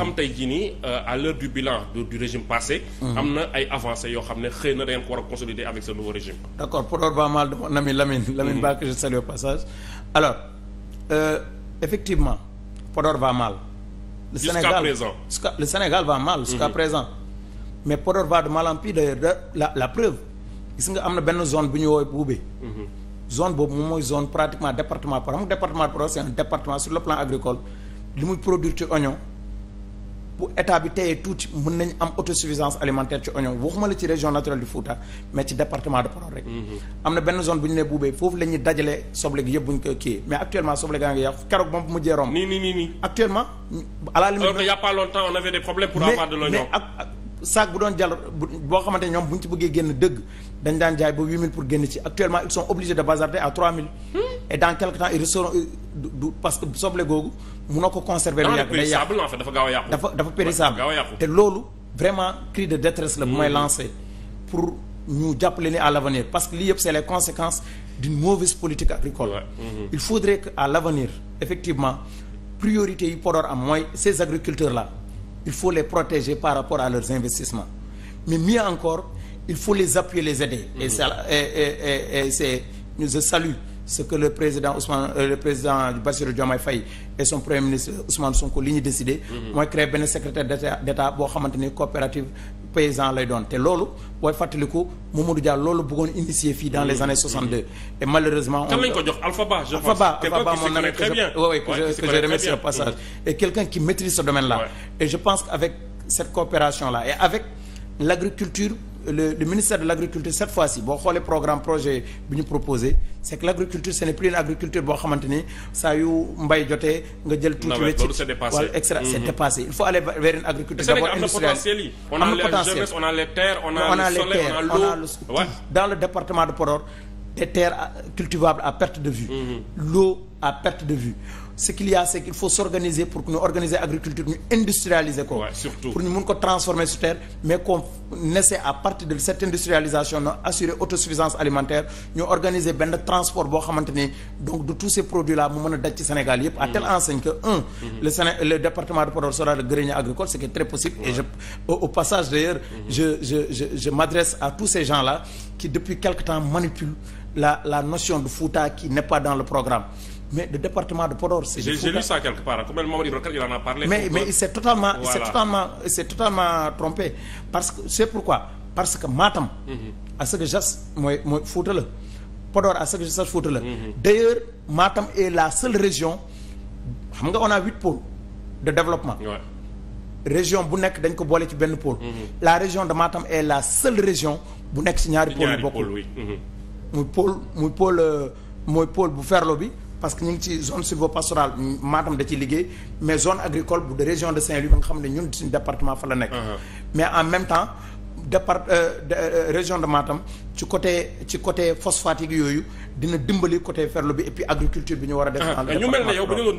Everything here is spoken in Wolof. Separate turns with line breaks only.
xam tey jii nii euh, à l'heure du bilan du, du régime passé mhm. am na ay avancées yoo xam ne xëy na da ngeen ko war a consolider avec ce nouveau régime d'accord Podor ba mal dama nami Lamine mhm. Lamine Ba que je salue au passage alors euh, effectivement Podor va mal le Sénégal présent le Sénégal va mal jusqu'à mm -hmm. présent mais Podor va de mal en pis d'ailleurs la la preuve gis nga am na benn zone bu ñu woowee buubee mhm. zone boobu moom mooy zone pratiquement département Podor xam nga département Podor un département sur le plan agricole li muy produire ci bu état bi teyee tuuti mën nañ am autosuffisance alimentaire ci oignon waxuma la ci région naturelle du Fouta mais ci département de Podor rek mm-hmm. am na benn zone bu ñu ne buubee foofu la ñuy dajale soble gi yëpp bu ñu ko kii mais actuellement soble gaa ngi yàqu keroog moom bu mujjee a pas longtemps on saak bu doon jàll boo xamante ne ñoom bu ñu ci bëggee génn dëgg dañ daan jaay ba 8000 pour génn ci actuellement ils sont obligés de bazarder à 3000. Hmm? et dans quelque temps ils resteront euh, que munoo ko conserver lu yàgg day yàqu dafa gaaw a yàqu dafa dafa périssable te loolu vraiment cri de détresse la bu may mm. pour ñu jàppale ni à l'avenir parce que lii yëpp c'est les conséquences d'une mauvaise politique agricole mm-hmm. il faudrait que à l'avenir effectivement priorité yi Podor am mooy ces agriculteurs là il faut les protéger par rapport à leurs investissements mais mieux encore il faut les appuyer les aider et mm-hmm. ça et et et, ce que le président Ousmane euh, le président Bassirou Diomaye Faye et son premier ministre Ousmane Sonko li ñu décidé. Mhm. mooy créer benn secrétaire d'état d'état boo xamante ni coopérative paysan lay doon te loolu booy fàttaliku Mamadou jaar loolu bëggoon initier fii dans les mhm. années 62. Mhm. et malheureusement. on lañ ko jox Alpha Ba je pense Alpha Ba Alpha Ba mon ami que je oui que je que je passage. et quelqu'un qui maîtrise ce domaine là. et je pense qu'avec cette coopération là et avec l'agriculture le le ministère de l' agriculture cette fois-ci boo xoolee programme projet bi ñu proposé c' que l' agriculture ce n' est plus une agriculture boo xamante ni saa yu mbay jotee nga jël tuuti wecc wala extra c' dépassé il faut aller vers une agriculture d' abord industrielle on a potentiel on a les terres dans le département de Podor des terres euh, cultivables à perte de vue mm-hmm. l'eau à perte de vue ce qu'il y a c'est qu'il faut s'organiser pour que ñu organiser agriculture ñu industrialiser ko ouais, surtout pour ñu mun ko transformer sur terre mais qu'on essaie à partir de cette industrialisation na assurer autosuffisance alimentaire ñu organiser benn transport boo xamante ni donc de tous ces produits là mu mën a daj ci Sénégal yëpp à telle mm-hmm. enseigne que un mm -hmm. le Séné le département de Podor sera le grenier agricole ce très possible et mm-hmm. à tous ces gens là qui depuis quelque temps la la notion de Fouta kii n'est pas dans le programme mais le département de Podor c'est j'ai lu en a parlé mais mais il s'est totalement voilà. il s'est totalement il parce que c'est pourquoi parce que Matam mm-hmm. à ce que je mooy mooy Fouta la Podor à ce que je sache Fouta la mm-hmm. d'ailleurs maatam est la seule région xam nga on a huit pôles de développement ouais. région bu nekk dañ ko boole ci benn pôle mm-hmm. la région de Matam est la seule région bu nekk ci ñaari pôle yu bokkul muy pôle muy pôle mooy pôle bu ferlo bi parce que ñu ngi ci zone sylvopastorale maatam da ci liggéey mais zone agricole bu de région de Saint-Louis ba nga xam ne ñun suñu département fa la nekk. Uh-huh. mais en même temps départ euh, euh, région de Matam ci côté ci côté phosphate yooyu dina dimbali côté ferlo bi et agriculture bi ñu war a. def uh-huh. ñu mel ne yow bu ñu